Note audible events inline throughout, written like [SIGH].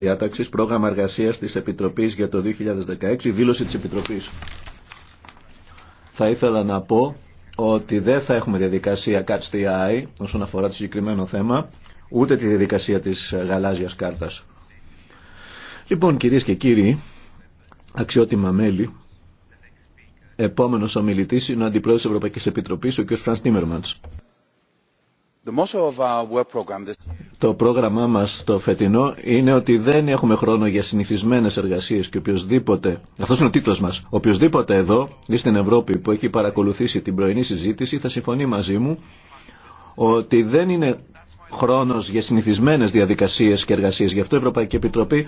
διάταξη πρόγραμμα εργασία τη Επιτροπή για το 2016, δήλωση τη Επιτροπή. Θα ήθελα να πω ότι δεν θα έχουμε διαδικασία catch the όσον αφορά το συγκεκριμένο θέμα, ούτε τη διαδικασία τη γαλάζια κάρτα. Λοιπόν, κυρίε και κύριοι, αξιότιμα μέλη, επόμενο ομιλητή είναι ο Αντιπρόεδρο Ευρωπαϊκή Επιτροπή, ο κ. Φραν Τίμερμαντ. Το πρόγραμμά μας το φετινό είναι ότι δεν έχουμε χρόνο για συνηθισμένες εργασίες και οποιοδήποτε, αυτός είναι ο τίτλος μας, οποιοδήποτε εδώ ή στην Ευρώπη που έχει παρακολουθήσει την πρωινή συζήτηση θα συμφωνεί μαζί μου ότι δεν είναι χρόνος για συνηθισμένες διαδικασίες και εργασίες. Γι' αυτό η Ευρωπαϊκή Επιτροπή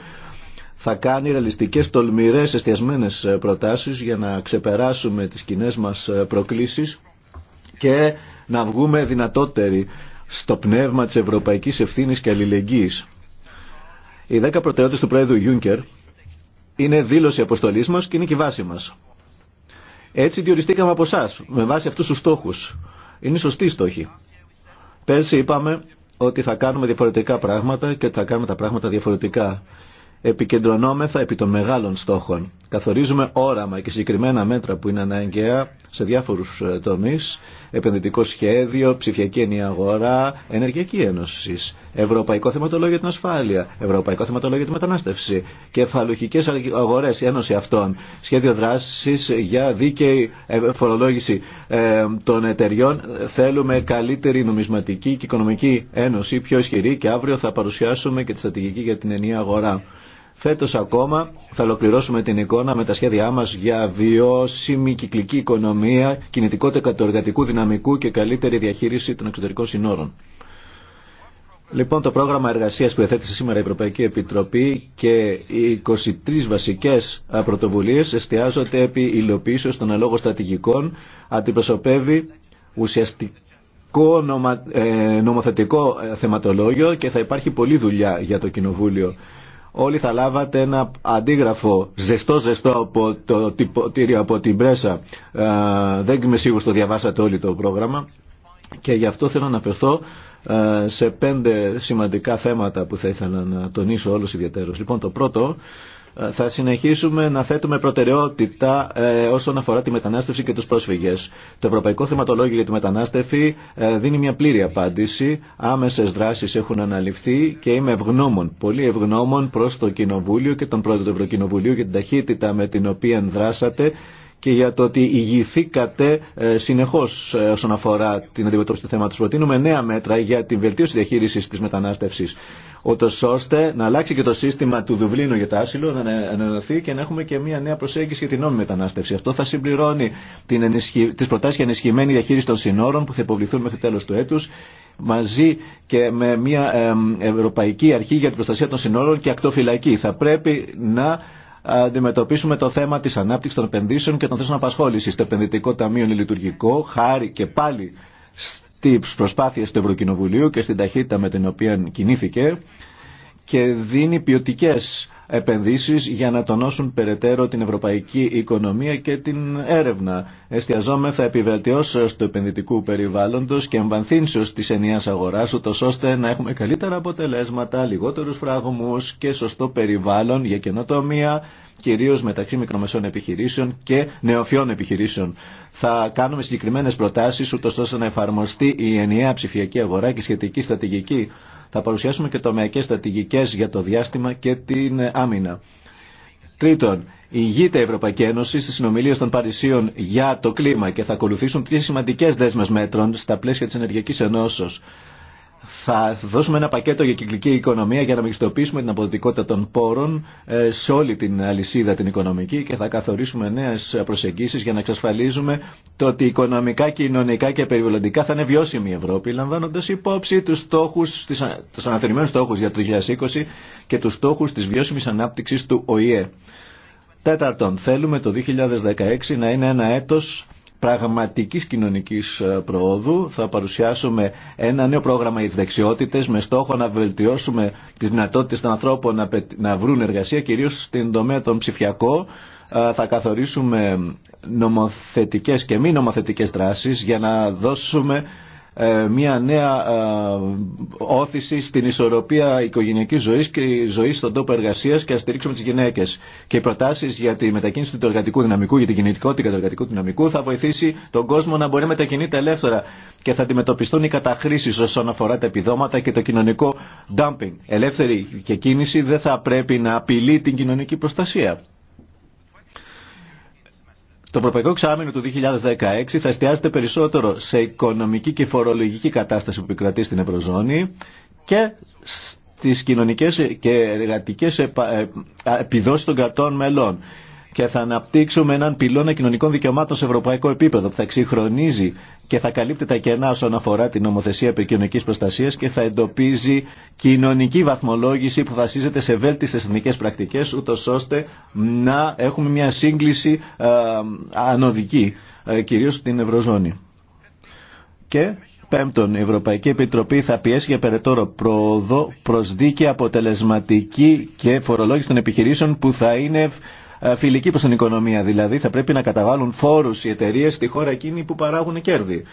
θα κάνει ρεαλιστικές, τολμηρές, εστιασμένες προτάσεις για να ξεπεράσουμε τις κοινέ μας προκλήσεις και να βγούμε δυνατότεροι στο πνεύμα της ευρωπαϊκής ευθύνης και αλληλεγγύης. Οι δέκα προτεραιότητες του Πρόεδρου Γιούνκερ είναι δήλωση αποστολής μας και είναι και η βάση μας. Έτσι διοριστήκαμε από εσά, με βάση αυτούς τους στόχους. Είναι σωστή στόχη. στόχοι. Πέρσι είπαμε ότι θα κάνουμε διαφορετικά πράγματα και ότι θα κάνουμε τα πράγματα διαφορετικά. Επικεντρωνόμεθα επί των μεγάλων στόχων. Καθορίζουμε όραμα και συγκεκριμένα μέτρα που είναι αναγκαία σε διάφορους ε, τομείς επενδυτικό σχέδιο, ψηφιακή ενιαία αγορά, ενεργειακή ένωση, ευρωπαϊκό θεματολόγιο για την ασφάλεια, ευρωπαϊκό θεματολόγιο για τη μετανάστευση, κεφαλουχικέ αγορέ, ένωση αυτών, σχέδιο δράση για δίκαιη φορολόγηση ε, των εταιριών. Θέλουμε καλύτερη νομισματική και οικονομική ένωση, πιο ισχυρή και αύριο θα παρουσιάσουμε και τη στρατηγική για την ενιαία αγορά. Φέτος ακόμα θα ολοκληρώσουμε την εικόνα με τα σχέδιά μας για βιώσιμη κυκλική οικονομία, κινητικότητα κατοργατικού δυναμικού και καλύτερη διαχείριση των εξωτερικών συνόρων. Λοιπόν, το πρόγραμμα εργασία που εθέτησε σήμερα η Ευρωπαϊκή Επιτροπή και οι 23 βασικές πρωτοβουλίε εστιάζονται επί υλοποιήσεω των αλόγων στρατηγικών, αντιπροσωπεύει ουσιαστικό ε, νομοθετικό ε, θεματολόγιο και θα υπάρχει πολλή δουλειά για το Κοινοβούλιο όλοι θα λάβατε ένα αντίγραφο ζεστό ζεστό από το τυποτήριο από την πρέσα. Ε, δεν είμαι σίγουρος το διαβάσατε όλοι το πρόγραμμα και γι' αυτό θέλω να αναφερθώ ε, σε πέντε σημαντικά θέματα που θα ήθελα να τονίσω όλους ιδιαίτερος. Λοιπόν το πρώτο ε, θα συνεχίσουμε να θέτουμε προτεραιότητα ε, όσον αφορά τη μετανάστευση και τους πρόσφυγες. Το Ευρωπαϊκό Θεματολόγιο για τη Μετανάστευση ε, δίνει μια πλήρη απάντηση. Άμεσες δράσεις έχουν αναλυφθεί και είμαι ευγνώμων, πολύ ευγνώμων προς το Κοινοβούλιο και τον Πρόεδρο του Ευρωκοινοβουλίου για την ταχύτητα με την οποία δράσατε και για το ότι ηγηθήκατε ε, συνεχώ ε, όσον αφορά την αντιμετώπιση του θέματο. Προτείνουμε νέα μέτρα για την βελτίωση διαχείριση τη μετανάστευση, ούτω ώστε να αλλάξει και το σύστημα του Δουβλίνου για το άσυλο, να ανανεωθεί και να έχουμε και μια νέα προσέγγιση για την νόμιμη μετανάστευση. Αυτό θα συμπληρώνει τι προτάσει για ενισχυμένη διαχείριση των συνόρων που θα υποβληθούν μέχρι τέλο του έτου μαζί και με μια Ευρωπαϊκή Αρχή για την Προστασία των Συνόρων και Ακτοφυλακή. Θα πρέπει να αντιμετωπίσουμε το θέμα της ανάπτυξης των επενδύσεων και των θέσεων απασχόλησης. Το επενδυτικό ταμείο είναι λειτουργικό, χάρη και πάλι στις προσπάθειες του Ευρωκοινοβουλίου και στην ταχύτητα με την οποία κινήθηκε και δίνει ποιοτικέ επενδύσεις για να τονώσουν περαιτέρω την ευρωπαϊκή οικονομία και την έρευνα. Εστιαζόμεθα επιβελτιώσεως του επενδυτικού περιβάλλοντος και εμβανθύνσεως της ενιαίας αγοράς, ούτω ώστε να έχουμε καλύτερα αποτελέσματα, λιγότερους φράγμους και σωστό περιβάλλον για καινοτομία, κυρίως μεταξύ μικρομεσών επιχειρήσεων και νεοφιών επιχειρήσεων. Θα κάνουμε συγκεκριμένες προτάσεις, ούτω ώστε να εφαρμοστεί η ενιαία ψηφιακή αγορά και σχετική στρατηγική θα παρουσιάσουμε και τομεακές στρατηγικές για το διάστημα και την ε, άμυνα. Τρίτον, ηγείται η Ευρωπαϊκή Ένωση στις συνομιλίες των Παρισίων για το κλίμα και θα ακολουθήσουν τρει σημαντικές δέσμε μέτρων στα πλαίσια της ενεργειακής Ενώσεω θα δώσουμε ένα πακέτο για κυκλική οικονομία για να μεγιστοποιήσουμε την αποδοτικότητα των πόρων ε, σε όλη την αλυσίδα την οικονομική και θα καθορίσουμε νέες προσεγγίσεις για να εξασφαλίζουμε το ότι οικονομικά, κοινωνικά και περιβαλλοντικά θα είναι βιώσιμη η Ευρώπη λαμβάνοντας υπόψη τους, στόχους, τους αναθεωρημένους στόχους για το 2020 και τους στόχους της βιώσιμης ανάπτυξης του ΟΗΕ. Τέταρτον, θέλουμε το 2016 να είναι ένα έτος πραγματικής κοινωνικής ε, προόδου. Θα παρουσιάσουμε ένα νέο πρόγραμμα για με στόχο να βελτιώσουμε τις δυνατότητες των ανθρώπων να βρουν εργασία, κυρίως στην τομέα των ψηφιακών. Ε, θα καθορίσουμε νομοθετικές και μη νομοθετικές δράσεις για να δώσουμε ε, μια νέα ε, όθηση στην ισορροπία οικογενειακής ζωή και ζωή στον τόπο εργασία και να στηρίξουμε τις γυναίκες. Και οι προτάσει για τη μετακίνηση του εργατικού δυναμικού, για την κινητικότητα του εργατικού δυναμικού θα βοηθήσει τον κόσμο να μπορεί να μετακινείται ελεύθερα και θα αντιμετωπιστούν οι καταχρήσει όσον αφορά τα επιδόματα και το κοινωνικό dumping. Ελεύθερη και κίνηση δεν θα πρέπει να απειλεί την κοινωνική προστασία. Το Ευρωπαϊκό Εξάμεινο του 2016 θα εστιάζεται περισσότερο σε οικονομική και φορολογική κατάσταση που επικρατεί στην Ευρωζώνη και στις κοινωνικές και εργατικές ε, επιδόσεις των κρατών μελών και θα αναπτύξουμε έναν πυλώνα κοινωνικών δικαιωμάτων σε ευρωπαϊκό επίπεδο που θα εξυγχρονίζει και θα καλύπτει τα κενά όσον αφορά την νομοθεσία επικοινωνική προστασία και θα εντοπίζει κοινωνική βαθμολόγηση που βασίζεται σε βέλτιστε εθνικέ πρακτικέ, ούτω ώστε να έχουμε μια σύγκληση ε, ανωδική, ε, κυρίω στην Ευρωζώνη. Και Πέμπτον, η Ευρωπαϊκή Επιτροπή θα πιέσει για περαιτέρω πρόοδο προ δίκαια αποτελεσματική και φορολόγηση των επιχειρήσεων που θα είναι ε, φιλική προς την οικονομία. Δηλαδή θα πρέπει να καταβάλουν φόρους οι εταιρείε στη χώρα εκείνη που παράγουν κέρδη.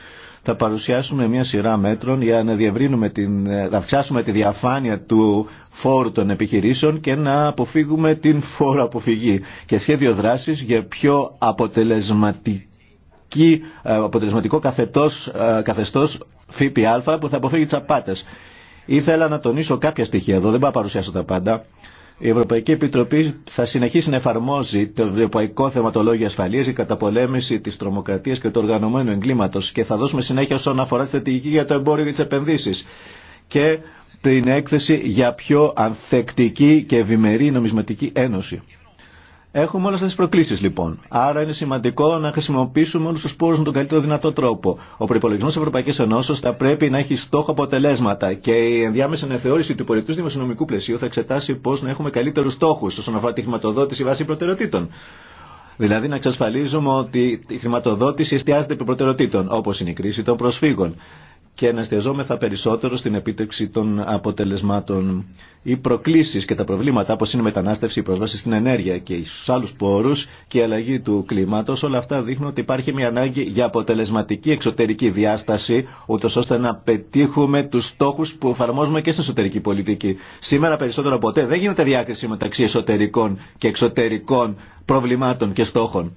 Θα παρουσιάσουμε μια σειρά μέτρων για να διευρύνουμε την, ε, να αυξάσουμε τη διαφάνεια του φόρου των επιχειρήσεων και να αποφύγουμε την φόρο αποφυγή και σχέδιο δράσης για πιο αποτελεσματική ε, αποτελεσματικό καθετός, καθεστώς ΦΠΑ που θα αποφύγει τις απάτες. Ήθελα να τονίσω κάποια στοιχεία εδώ, δεν πάω να παρουσιάσω τα πάντα. Η Ευρωπαϊκή Επιτροπή θα συνεχίσει να εφαρμόζει το Ευρωπαϊκό Θεματολόγιο Ασφαλεία, η καταπολέμηση τη τρομοκρατία και του οργανωμένου εγκλήματο και θα δώσουμε συνέχεια όσον αφορά τη στρατηγική για το εμπόριο και τι επενδύσει. Και την έκθεση για πιο ανθεκτική και ευημερή νομισματική ένωση. Έχουμε όλε αυτέ τι προκλήσει λοιπόν. Άρα είναι σημαντικό να χρησιμοποιήσουμε όλου του πόρου με τον καλύτερο δυνατό τρόπο. Ο προπολογισμό τη Ευρωπαϊκή Ενώσεω θα πρέπει να έχει στόχο αποτελέσματα και η ενδιάμεση αναθεώρηση του πολιτικού δημοσιονομικού πλαισίου θα εξετάσει πώ να έχουμε καλύτερου στόχου όσον αφορά τη χρηματοδότηση βάσει προτεραιοτήτων. Δηλαδή να εξασφαλίζουμε ότι η χρηματοδότηση εστιάζεται επί προτεραιοτήτων, όπω είναι η κρίση των προσφύγων, και να εστιαζόμεθα περισσότερο στην επίτευξη των αποτελεσμάτων. Οι προκλήσεις και τα προβλήματα όπως είναι η μετανάστευση, η πρόσβαση στην ενέργεια και στους άλλους πόρους και η αλλαγή του κλίματος, όλα αυτά δείχνουν ότι υπάρχει μια ανάγκη για αποτελεσματική εξωτερική διάσταση, ούτως ώστε να πετύχουμε τους στόχους που εφαρμόζουμε και στην εσωτερική πολιτική. Σήμερα περισσότερο ποτέ δεν γίνεται διάκριση μεταξύ εσωτερικών και εξωτερικών προβλημάτων και στόχων.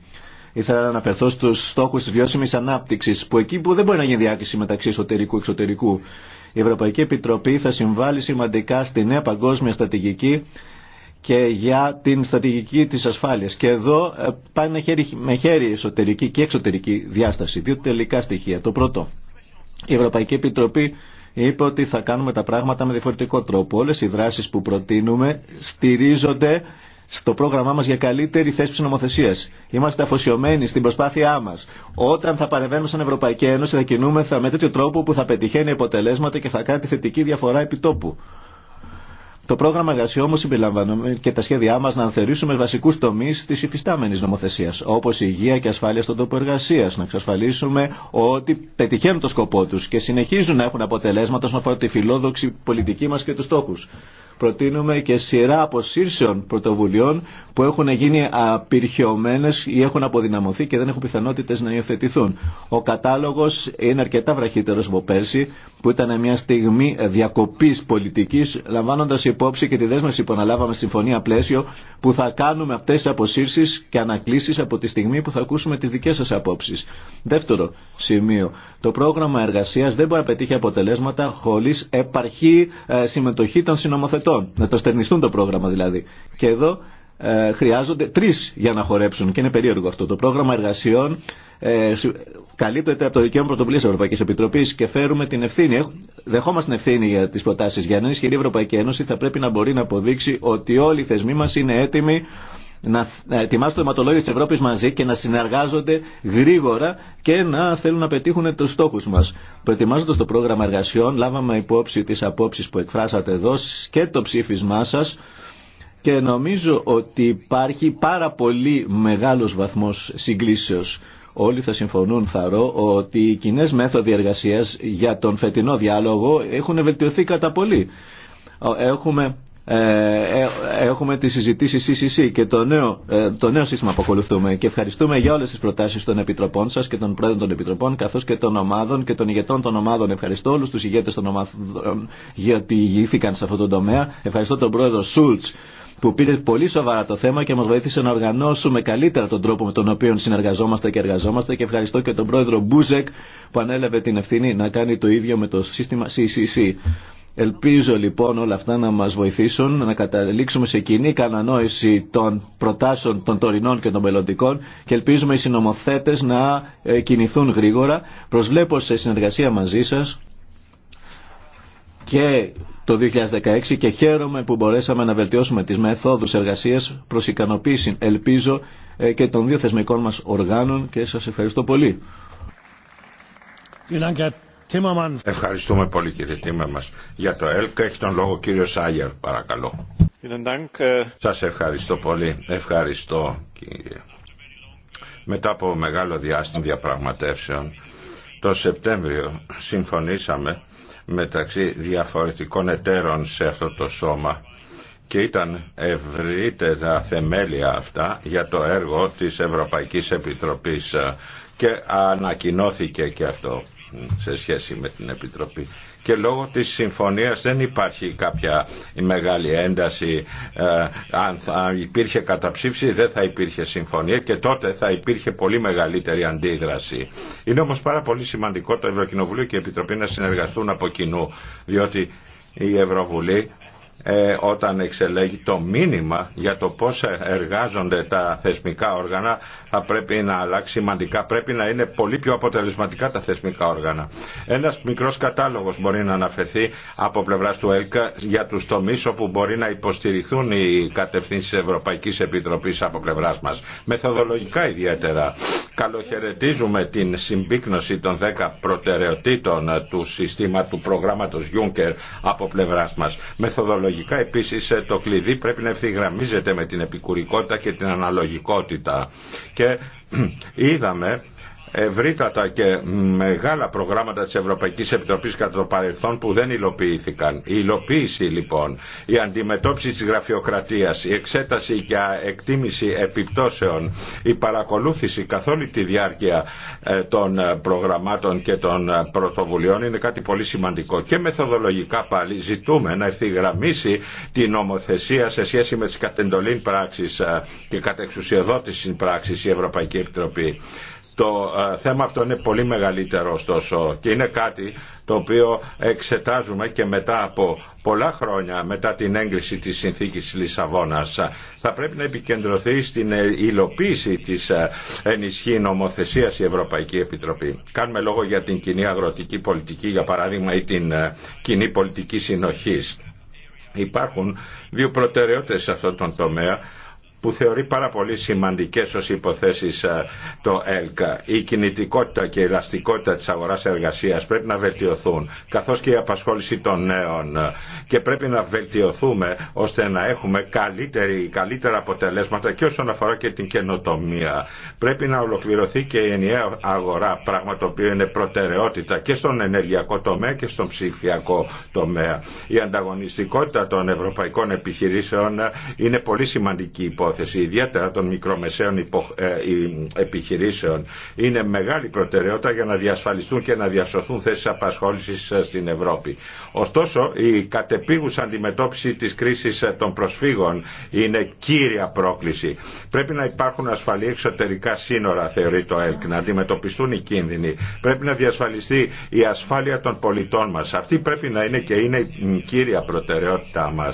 Ήθελα να αναφερθώ στου στόχου τη βιώσιμη ανάπτυξη, που εκεί που δεν μπορεί να γίνει διάκριση μεταξύ εσωτερικού και εξωτερικού. Η Ευρωπαϊκή Επιτροπή θα συμβάλλει σημαντικά στη νέα παγκόσμια στρατηγική και για την στρατηγική της ασφάλειας. Και εδώ ε, πάνε χέρι, με χέρι εσωτερική και εξωτερική διάσταση. Δύο τελικά στοιχεία. Το πρώτο, η Ευρωπαϊκή Επιτροπή είπε ότι θα κάνουμε τα πράγματα με διαφορετικό τρόπο. Όλες οι δράσεις που προτείνουμε στηρίζονται στο πρόγραμμά μας για καλύτερη θέση νομοθεσίας. Είμαστε αφοσιωμένοι στην προσπάθειά μας. Όταν θα παρεμβαίνουμε σαν Ευρωπαϊκή Ένωση θα κινούμεθα με τέτοιο τρόπο που θα πετυχαίνει αποτελέσματα και θα κάνει τη θετική διαφορά επιτόπου. Το πρόγραμμα εργασιών όμως συμπεριλαμβάνουμε και τα σχέδιά μα να ανθερήσουμε βασικού τομεί τη υφιστάμενη νομοθεσία, όπω υγεία και ασφάλεια στον τόπο εργασία. Να εξασφαλίσουμε ότι πετυχαίνουν το σκοπό του και συνεχίζουν να έχουν αποτελέσματα όσον αφορά τη φιλόδοξη πολιτική μα και του στόχου προτείνουμε και σειρά αποσύρσεων πρωτοβουλειών που έχουν γίνει απειρχιωμένες ή έχουν αποδυναμωθεί και δεν έχουν πιθανότητες να υιοθετηθούν. Ο κατάλογος είναι αρκετά βραχύτερος από πέρσι που ήταν μια στιγμή διακοπής πολιτικής λαμβάνοντας υπόψη και τη δέσμευση που αναλάβαμε στη Συμφωνία Πλαίσιο που θα κάνουμε αυτές τις αποσύρσεις και ανακλήσεις από τη στιγμή που θα ακούσουμε τις δικές σας απόψεις. Δεύτερο σημείο. Το πρόγραμμα εργασίας δεν μπορεί να πετύχει αποτελέσματα χωρίς επαρχή ε, συμμετοχή των συνομοθετών να το στερνιστούν το πρόγραμμα δηλαδή. Και εδώ ε, χρειάζονται τρει για να χορέψουν και είναι περίεργο αυτό. Το πρόγραμμα εργασιών ε, καλύπτεται από το δικαίωμα πρωτοβουλία Ευρωπαϊκή Επιτροπή και φέρουμε την ευθύνη. Δεχόμαστε την ευθύνη για τι προτάσει. Για να είναι ισχυρή η Ευρωπαϊκή Ένωση θα πρέπει να μπορεί να αποδείξει ότι όλοι οι θεσμοί μα είναι έτοιμοι να ετοιμάσουν το αιματολόγιο τη Ευρώπη μαζί και να συνεργάζονται γρήγορα και να θέλουν να πετύχουν του στόχου μα. Προετοιμάζοντα το πρόγραμμα εργασιών, λάβαμε υπόψη τι απόψει που εκφράσατε εδώ και το ψήφισμά σα και νομίζω ότι υπάρχει πάρα πολύ μεγάλος βαθμός συγκλήσεως. Όλοι θα συμφωνούν, θαρώ, ότι οι κοινέ μέθοδοι εργασίας για τον φετινό διάλογο έχουν βελτιωθεί κατά πολύ. Έχουμε ε, ε, έχουμε τις συζητήσεις CCC και το νέο, ε, το νέο σύστημα που ακολουθούμε και ευχαριστούμε για όλες τις προτάσεις των Επιτροπών σας και των Πρόεδρων των Επιτροπών καθώς και των ομάδων και των ηγετών των ομάδων. Ευχαριστώ όλους τους ηγέτες των ομάδων γιατί ηγήθηκαν σε αυτό το τομέα. Ευχαριστώ τον Πρόεδρο Σούλτς που πήρε πολύ σοβαρά το θέμα και μας βοήθησε να οργανώσουμε καλύτερα τον τρόπο με τον οποίο συνεργαζόμαστε και εργαζόμαστε και ευχαριστώ και τον πρόεδρο Μπούζεκ που ανέλαβε την ευθύνη να κάνει το ίδιο με το σύστημα CCC. Ελπίζω λοιπόν όλα αυτά να μας βοηθήσουν να καταλήξουμε σε κοινή κανανόηση των προτάσεων των τωρινών και των μελλοντικών και ελπίζουμε οι συνομοθέτες να ε, κινηθούν γρήγορα. Προσβλέπω σε συνεργασία μαζί σας και το 2016 και χαίρομαι που μπορέσαμε να βελτιώσουμε τις μεθόδους εργασίας προς ικανοποίηση ελπίζω ε, και των δύο θεσμικών μας οργάνων και σας ευχαριστώ πολύ. Ευχαριστούμε πολύ κύριε μας Για το ΕΛΚ. έχει τον λόγο κύριο Σάγερ παρακαλώ. Ε. Σας ευχαριστώ πολύ. Ευχαριστώ κύριε. Μετά από μεγάλο διάστημα διαπραγματεύσεων το Σεπτέμβριο συμφωνήσαμε μεταξύ διαφορετικών εταίρων σε αυτό το σώμα και ήταν ευρύτερα θεμέλια αυτά για το έργο της Ευρωπαϊκής Επιτροπής και ανακοινώθηκε και αυτό σε σχέση με την Επιτροπή. Και λόγω της συμφωνίας δεν υπάρχει κάποια μεγάλη ένταση. Ε, αν υπήρχε καταψήφιση δεν θα υπήρχε συμφωνία και τότε θα υπήρχε πολύ μεγαλύτερη αντίδραση. Είναι όμως πάρα πολύ σημαντικό το Ευρωκοινοβουλίο και η Επιτροπή να συνεργαστούν από κοινού, διότι η Ευρωβουλή ε, όταν εξελέγει το μήνυμα για το πώς εργάζονται τα θεσμικά όργανα θα πρέπει να αλλάξει σημαντικά. Πρέπει να είναι πολύ πιο αποτελεσματικά τα θεσμικά όργανα. Ένας μικρός κατάλογος μπορεί να αναφερθεί από πλευράς του ΕΛΚΑ για τους τομείς όπου μπορεί να υποστηριχθούν οι κατευθύνσεις Ευρωπαϊκής Επιτροπής από πλευράς μας. Μεθοδολογικά ιδιαίτερα. Καλοχαιρετίζουμε την συμπίκνωση των 10 προτεραιοτήτων του συστήματος του προγράμματος Juncker από πλευράς μας. Αναλογικά επίσης ε, το κλειδί πρέπει να ευθυγραμμίζεται με την επικουρικότητα και την αναλογικότητα. Και [CLEARS THROAT] είδαμε ευρύτατα και μεγάλα προγράμματα της Ευρωπαϊκής Επιτροπής κατά το παρελθόν που δεν υλοποιήθηκαν. Η υλοποίηση λοιπόν, η αντιμετώπιση της γραφειοκρατίας, η εξέταση και εκτίμηση επιπτώσεων, η παρακολούθηση καθ' όλη τη διάρκεια ε, των ε, προγραμμάτων και των ε, πρωτοβουλειών είναι κάτι πολύ σημαντικό. Και μεθοδολογικά πάλι ζητούμε να ευθυγραμμίσει την νομοθεσία σε σχέση με τις κατεντολήν πράξεις και κατεξουσιοδότηση πράξεις η Ευρωπαϊκή Επιτροπή. Το ε, θέμα αυτό είναι πολύ μεγαλύτερο ωστόσο και είναι κάτι το οποίο εξετάζουμε και μετά από πολλά χρόνια μετά την έγκριση της συνθήκης Λισαβόνας θα πρέπει να επικεντρωθεί στην ε, υλοποίηση της ε, ενισχύ νομοθεσίας η Ευρωπαϊκή Επιτροπή. Κάνουμε λόγο για την κοινή αγροτική πολιτική για παράδειγμα ή την κοινή πολιτική συνοχής. Υπάρχουν δύο προτεραιότητες σε αυτόν τον τομέα που θεωρεί πάρα πολύ σημαντικές ως υποθέσεις το ΕΛΚΑ. Η κινητικότητα και η ελαστικότητα της αγοράς εργασίας πρέπει να βελτιωθούν, καθώς και η απασχόληση των νέων. Και πρέπει να βελτιωθούμε ώστε να έχουμε καλύτερη, καλύτερα αποτελέσματα και όσον αφορά και την καινοτομία. Πρέπει να ολοκληρωθεί και η ενιαία αγορά, πράγμα το οποίο είναι προτεραιότητα και στον ενεργειακό τομέα και στον ψηφιακό τομέα. Η ανταγωνιστικότητα των ευρωπαϊκών επιχειρήσεων είναι πολύ σημαντική υπόθεση υπόθεση, ιδιαίτερα των μικρομεσαίων ε, επιχειρήσεων, είναι μεγάλη προτεραιότητα για να διασφαλιστούν και να διασωθούν θέσει απασχόληση ε, στην Ευρώπη. Ωστόσο, η κατεπίγουσα αντιμετώπιση τη κρίση ε, των προσφύγων είναι κύρια πρόκληση. Πρέπει να υπάρχουν ασφαλή εξωτερικά σύνορα, θεωρεί το ΕΛΚ, να αντιμετωπιστούν οι κίνδυνοι. Πρέπει να διασφαλιστεί η ασφάλεια των πολιτών μα. Αυτή πρέπει να είναι και είναι η κύρια προτεραιότητά μα.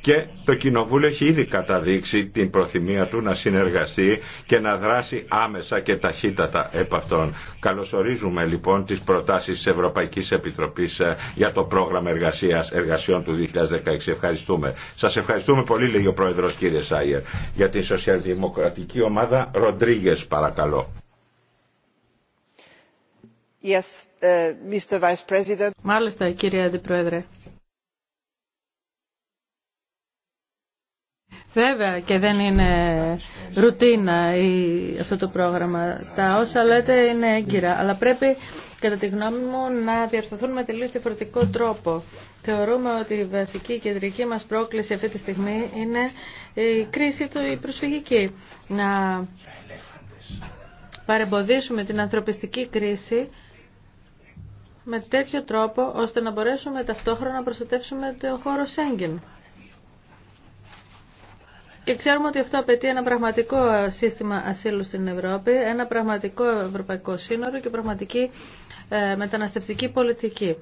Και το Κοινοβούλιο έχει ήδη καταδείξει την προθυμία του να συνεργαστεί και να δράσει άμεσα και ταχύτατα επ' αυτών. Καλωσορίζουμε λοιπόν τις προτάσεις της Ευρωπαϊκής Επιτροπής ε, για το πρόγραμμα εργασίας, εργασιών του 2016. Ευχαριστούμε. Σας ευχαριστούμε πολύ λέει ο Πρόεδρος κύριε Σάιερ. Για την Σοσιαλδημοκρατική Ομάδα Ροντρίγε παρακαλώ. Yes, ε, Mr. Vice President. Μάλιστα κύριε Αντιπρόεδρε. Βέβαια και δεν είναι ρουτίνα η, αυτό το πρόγραμμα. Τα όσα λέτε είναι έγκυρα, αλλά πρέπει κατά τη γνώμη μου να διαρθωθούν με τελείως διαφορετικό τρόπο. Θεωρούμε ότι η βασική κεντρική μας πρόκληση αυτή τη στιγμή είναι η κρίση του η προσφυγική. Να παρεμποδίσουμε την ανθρωπιστική κρίση με τέτοιο τρόπο ώστε να μπορέσουμε ταυτόχρονα να προστατεύσουμε το χώρο Σέγγεν. Και ξέρουμε ότι αυτό απαιτεί ένα πραγματικό σύστημα ασύλου στην Ευρώπη, ένα πραγματικό ευρωπαϊκό σύνορο και πραγματική ε, μεταναστευτική πολιτική.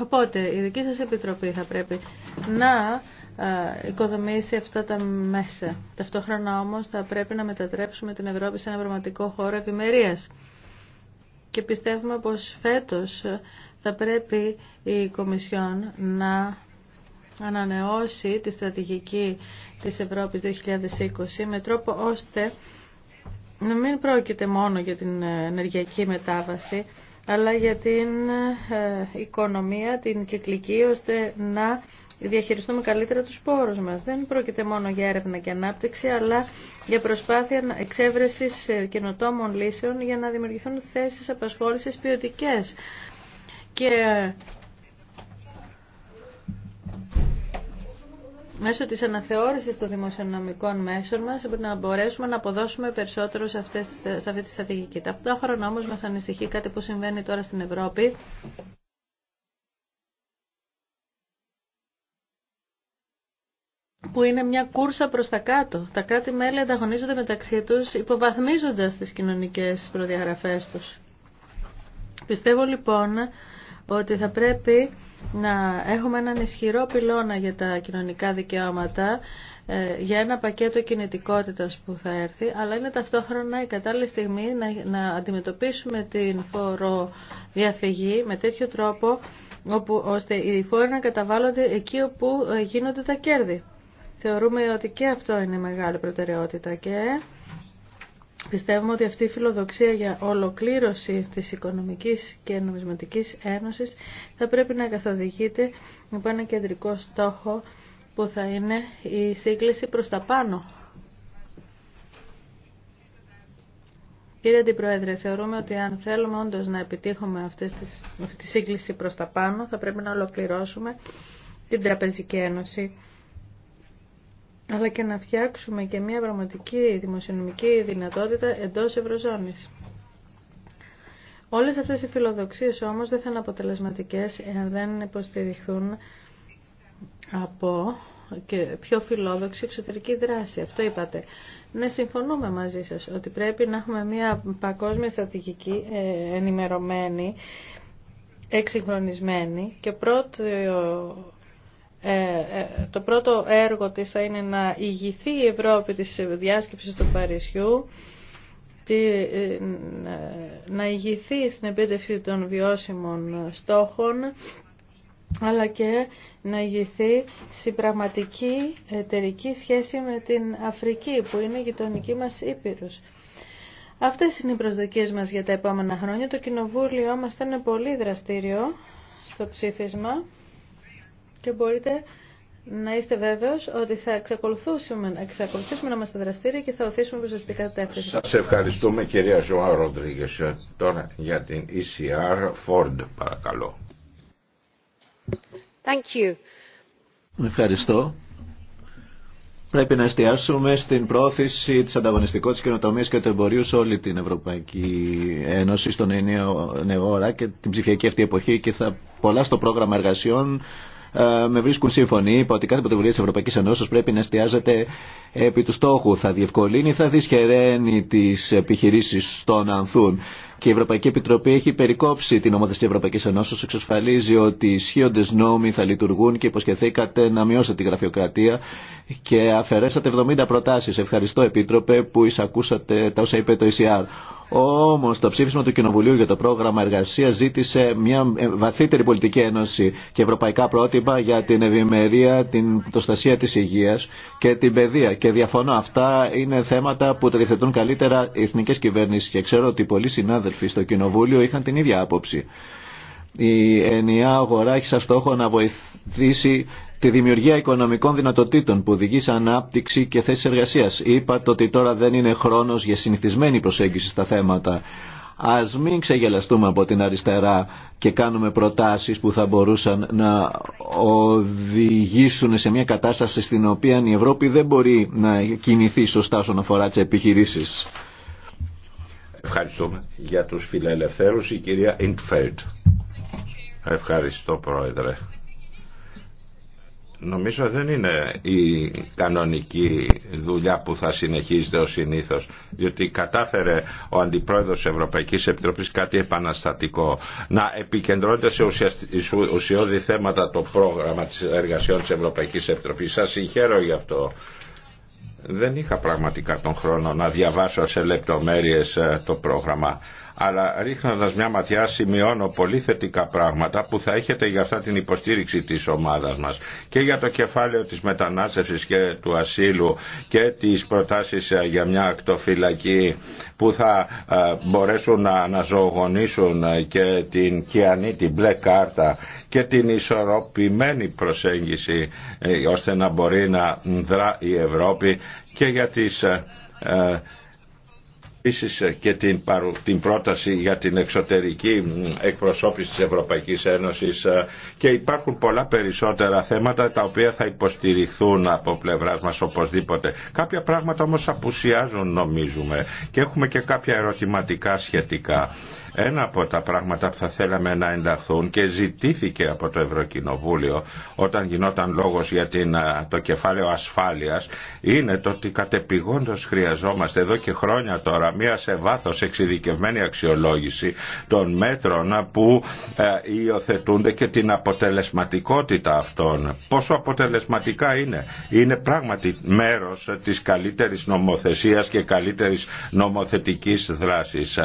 Οπότε η δική σας επιτροπή θα πρέπει να ε, οικοδομήσει αυτά τα μέσα. Ταυτόχρονα όμως θα πρέπει να μετατρέψουμε την Ευρώπη σε ένα πραγματικό χώρο ευημερία. Και πιστεύουμε πως φέτος θα πρέπει η Κομισιόν να ανανεώσει τη στρατηγική της Ευρώπης 2020 με τρόπο ώστε να μην πρόκειται μόνο για την ενεργειακή μετάβαση αλλά για την ε, οικονομία, την κυκλική, ώστε να διαχειριστούμε καλύτερα τους πόρους μας. Δεν πρόκειται μόνο για έρευνα και ανάπτυξη, αλλά για προσπάθεια εξέβρεσης ε, καινοτόμων λύσεων για να δημιουργηθούν θέσεις απασχόλησης ποιοτικέ. Και ε, μέσω της αναθεώρησης των δημοσιονομικών μέσων μας να μπορέσουμε να αποδώσουμε περισσότερο σε, αυτές, σε αυτή τη στρατηγική. Ταυτόχρονα όμως μας ανησυχεί κάτι που συμβαίνει τώρα στην Ευρώπη. που είναι μια κούρσα προς τα κάτω. Τα κράτη-μέλη ανταγωνίζονται μεταξύ τους, υποβαθμίζοντας τις κοινωνικές προδιαγραφές τους. Πιστεύω λοιπόν ότι θα πρέπει να έχουμε έναν ισχυρό πυλώνα για τα κοινωνικά δικαιώματα, ε, για ένα πακέτο κινητικότητας που θα έρθει, αλλά είναι ταυτόχρονα η κατάλληλη στιγμή να, αντιμετωπίσουμε την φοροδιαφυγή με τέτοιο τρόπο, όπου, ώστε οι φόροι να καταβάλλονται εκεί όπου ε, γίνονται τα κέρδη. Θεωρούμε ότι και αυτό είναι μεγάλη προτεραιότητα και Πιστεύουμε ότι αυτή η φιλοδοξία για ολοκλήρωση της Οικονομικής και Νομισματικής Ένωσης θα πρέπει να καθοδηγείται από ένα κεντρικό στόχο που θα είναι η σύγκληση προς τα πάνω. Κύριε Αντιπρόεδρε, θεωρούμε ότι αν θέλουμε όντως να επιτύχουμε αυτή τη σύγκληση προς τα πάνω θα πρέπει να ολοκληρώσουμε την Τραπεζική Ένωση αλλά και να φτιάξουμε και μια πραγματική δημοσιονομική δυνατότητα εντός Ευρωζώνης. Όλες αυτές οι φιλοδοξίες όμως δεν θα είναι αποτελεσματικές εάν δεν υποστηριχθούν από και πιο φιλόδοξη εξωτερική δράση. Αυτό είπατε. Ναι, συμφωνούμε μαζί σας ότι πρέπει να έχουμε μια παγκόσμια στρατηγική ε, ενημερωμένη, εξυγχρονισμένη και πρώτο ε, ε, το πρώτο έργο της θα είναι να ηγηθεί η Ευρώπη της διάσκεψης του Παρισιού, ε, να ηγηθεί στην επίτευξη των βιώσιμων στόχων, αλλά και να ηγηθεί στην πραγματική εταιρική σχέση με την Αφρική, που είναι η γειτονική μας Ήπειρος. Αυτές είναι οι προσδοκίες μας για τα επόμενα χρόνια. Το Κοινοβούλιο μας θα είναι πολύ δραστήριο στο ψήφισμα και μπορείτε να είστε βέβαιος ότι θα εξακολουθήσουμε, εξακολουθήσουμε να είμαστε δραστήριοι... και θα οθήσουμε προς την κατεύθυνση. Σας ευχαριστούμε κυρία Ζωά Ροντρίγκες. Τώρα για την ECR Ford παρακαλώ. Thank you. Ευχαριστώ. Πρέπει να εστιάσουμε στην πρόθεση της ανταγωνιστικότητας καινοτομία και του εμπορίου σε όλη την Ευρωπαϊκή Ένωση, στον νέο ώρα και την ψηφιακή αυτή εποχή και θα πολλά στο πρόγραμμα εργασιών ε, με βρίσκουν σύμφωνοι είπα ότι κάθε πρωτοβουλία τη Ευρωπαϊκή Ενώσεω πρέπει να εστιάζεται επί του στόχου. Θα διευκολύνει, θα δυσχεραίνει τι επιχειρήσει των ανθούν. Και η Ευρωπαϊκή Επιτροπή έχει περικόψει την τη Ευρωπαϊκή Ενώσεω, εξασφαλίζει ότι οι ισχύοντε νόμοι θα λειτουργούν και υποσχεθήκατε να μειώσετε τη γραφειοκρατία και αφαιρέσατε 70 προτάσει. Ευχαριστώ, Επίτροπε, που εισακούσατε τα όσα είπε το ECR. Όμω το ψήφισμα του Κοινοβουλίου για το πρόγραμμα εργασία ζήτησε μια βαθύτερη πολιτική ένωση και ευρωπαϊκά πρότυπα για την ευημερία, την προστασία τη υγεία και την παιδεία και διαφωνώ. Αυτά είναι θέματα που τα διευθετούν καλύτερα οι εθνικέ κυβέρνησει και ξέρω ότι πολλοί συνάδελφοι στο Κοινοβούλιο είχαν την ίδια άποψη. Η ενιαία αγορά έχει σαν στόχο να βοηθήσει τη δημιουργία οικονομικών δυνατοτήτων που οδηγεί σε ανάπτυξη και θέσει εργασία. Είπατε ότι τώρα δεν είναι χρόνο για συνηθισμένη προσέγγιση στα θέματα. Ας μην ξεγελαστούμε από την αριστερά και κάνουμε προτάσεις που θα μπορούσαν να οδηγήσουν σε μια κατάσταση στην οποία η Ευρώπη δεν μπορεί να κινηθεί σωστά όσον αφορά τις επιχειρήσεις. Ευχαριστούμε για τους φιλελευθέρους η κυρία Ιντφέλτ. Ευχαριστώ πρόεδρε. Νομίζω δεν είναι η κανονική δουλειά που θα συνεχίζεται ως συνήθως, διότι κατάφερε ο Αντιπρόεδρος της Ευρωπαϊκής Επιτροπής κάτι επαναστατικό, να επικεντρώνεται σε ουσιώδη θέματα το πρόγραμμα της εργασιών της Ευρωπαϊκής Επιτροπής. Σας συγχαίρω γι' αυτό. Δεν είχα πραγματικά τον χρόνο να διαβάσω σε λεπτομέρειες ε, το πρόγραμμα αλλά ρίχνοντας μια ματιά σημειώνω πολύ θετικά πράγματα που θα έχετε για αυτά την υποστήριξη της ομάδας μας και για το κεφάλαιο της μετανάστευσης και του ασύλου και τις προτάσεις ε, για μια ακτοφυλακή που θα ε, μπορέσουν να αναζωογονήσουν ε, και την κιανή, την μπλε κάρτα και την ισορροπημένη προσέγγιση ώστε να μπορεί να δρά η Ευρώπη και για τις επίσης ε, και την, πρόταση για την εξωτερική εκπροσώπηση της Ευρωπαϊκής Ένωσης ε, και υπάρχουν πολλά περισσότερα θέματα τα οποία θα υποστηριχθούν από πλευράς μας οπωσδήποτε. Κάποια πράγματα όμως απουσιάζουν νομίζουμε και έχουμε και κάποια ερωτηματικά σχετικά. Ένα από τα πράγματα που θα θέλαμε να ενταχθούν και ζητήθηκε από το Ευρωκοινοβούλιο όταν γινόταν λόγος για την, το κεφάλαιο ασφάλειας είναι το ότι κατεπηγόντως χρειαζόμαστε εδώ και χρόνια τώρα μία σε βάθος εξειδικευμένη αξιολόγηση των μέτρων που υιοθετούνται και την αποτελεσματικότητα αυτών. Πόσο αποτελεσματικά είναι. Είναι πράγματι μέρος της καλύτερης νομοθεσίας και καλύτερης νομοθετικής δράσης.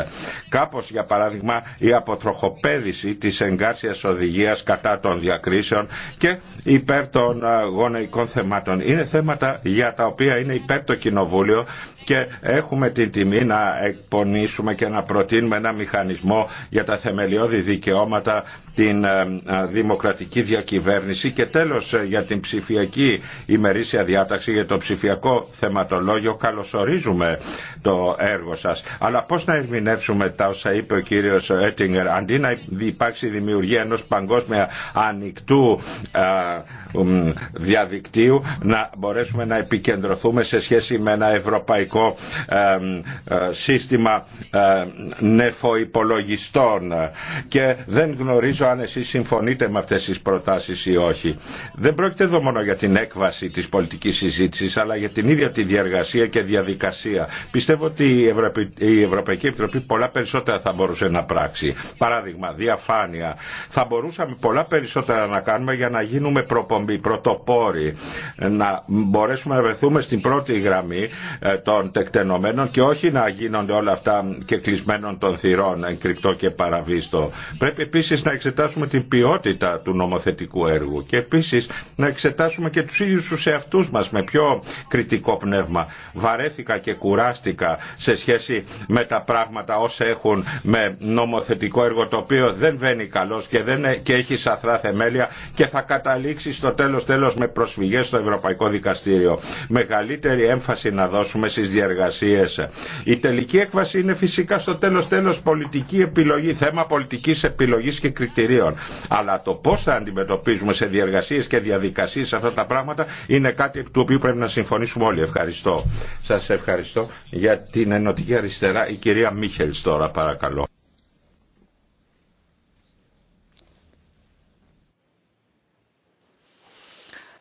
Κάπως για παράδειγμα παράδειγμα η αποτροχοπέδηση της εγκάρσιας οδηγίας κατά των διακρίσεων και υπέρ των ε, γονεϊκών θεμάτων. Είναι θέματα για τα οποία είναι υπέρ το Κοινοβούλιο και έχουμε την τιμή να εκπονήσουμε και να προτείνουμε ένα μηχανισμό για τα θεμελιώδη δικαιώματα, την ε, ε, δημοκρατική διακυβέρνηση και τέλος ε, για την ψηφιακή ημερήσια διάταξη, για το ψηφιακό θεματολόγιο. Καλωσορίζουμε το έργο σας. Αλλά πώς να ερμηνεύσουμε τα όσα είπε ο κύριος Έτιγκερ, αντί να υπάρξει δημιουργία ενός παγκόσμια ανοιχτού διαδικτύου, να μπορέσουμε να επικεντρωθούμε σε σχέση με ένα ευρωπαϊκό ε, σύστημα νεφοϋπολογιστών και δεν γνωρίζω αν εσείς συμφωνείτε με αυτές τις προτάσεις ή όχι. Δεν πρόκειται εδώ μόνο για την έκβαση της πολιτικής συζήτησης αλλά για την ίδια τη διαργασία και διαδικασία. Πιστεύω ότι η Ευρωπαϊκή Επιτροπή πολλά περισσότερα θα μπορούσε να πράξει. Παράδειγμα, διαφάνεια. Θα μπορούσαμε πολλά περισσότερα να κάνουμε για να γίνουμε προπομπή, πρωτοπόροι, να μπορέσουμε να βρεθούμε στην πρώτη γραμμή ε, των των και όχι να γίνονται όλα αυτά και κλεισμένων των θυρών, εγκρυπτό και παραβίστο. Πρέπει επίσης να εξετάσουμε την ποιότητα του νομοθετικού έργου και επίσης να εξετάσουμε και τους ίδιους τους εαυτούς μας με πιο κριτικό πνεύμα. Βαρέθηκα και κουράστηκα σε σχέση με τα πράγματα όσα έχουν με νομοθετικό έργο το οποίο δεν βαίνει καλός και, ε, και έχει σαθρά θεμέλια και θα καταλήξει στο τέλος τέλος με προσφυγές στο Ευρωπαϊκό Δικαστήριο. Μεγαλύτερη έμφαση να δώσουμε στις διεργασίες. Η τελική έκβαση είναι φυσικά στο τέλος τέλος πολιτική επιλογή, θέμα πολιτικής επιλογής και κριτηρίων. Αλλά το πώς θα αντιμετωπίζουμε σε διεργασίες και διαδικασίες αυτά τα πράγματα είναι κάτι του οποίου πρέπει να συμφωνήσουμε όλοι. Ευχαριστώ. Σας ευχαριστώ για την Ενωτική Αριστερά. Η κυρία Μίχελς τώρα παρακαλώ.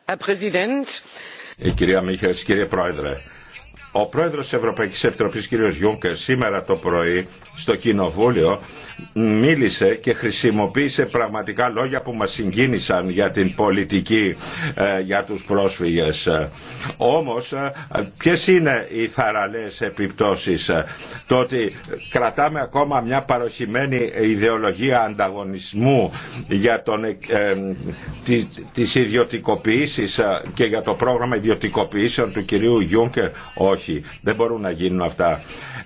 Η ε, Κυρία Μίχελς, κύριε Πρόεδρε, ο πρόεδρος της Ευρωπαϊκής Επιτροπής κ. Γιούγκερ σήμερα το πρωί στο Κοινοβούλιο μίλησε και χρησιμοποίησε πραγματικά λόγια που μας συγκίνησαν για την πολιτική ε, για τους πρόσφυγες. Όμως ε, ποιες είναι οι θαραλές επιπτώσεις ε, το ότι κρατάμε ακόμα μια παροχημένη ιδεολογία ανταγωνισμού για τον, ε, τις ιδιωτικοποιήσεις και για το πρόγραμμα ιδιωτικοποιήσεων του κ. Γιούγκερ όχι, δεν μπορούν να γίνουν αυτά.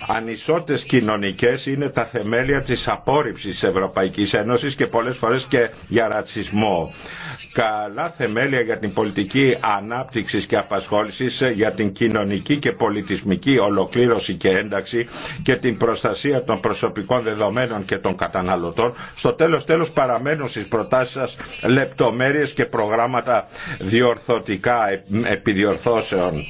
Ανισότητες κοινωνικές είναι τα θεμέλια της απόρριψης της Ευρωπαϊκής Ένωσης και πολλές φορές και για ρατσισμό. Καλά θεμέλια για την πολιτική ανάπτυξης και απασχόλησης, για την κοινωνική και πολιτισμική ολοκλήρωση και ένταξη και την προστασία των προσωπικών δεδομένων και των καταναλωτών. Στο τέλος τέλος παραμένουν στις προτάσεις σας λεπτομέρειες και προγράμματα διορθωτικά επιδιορθώσεων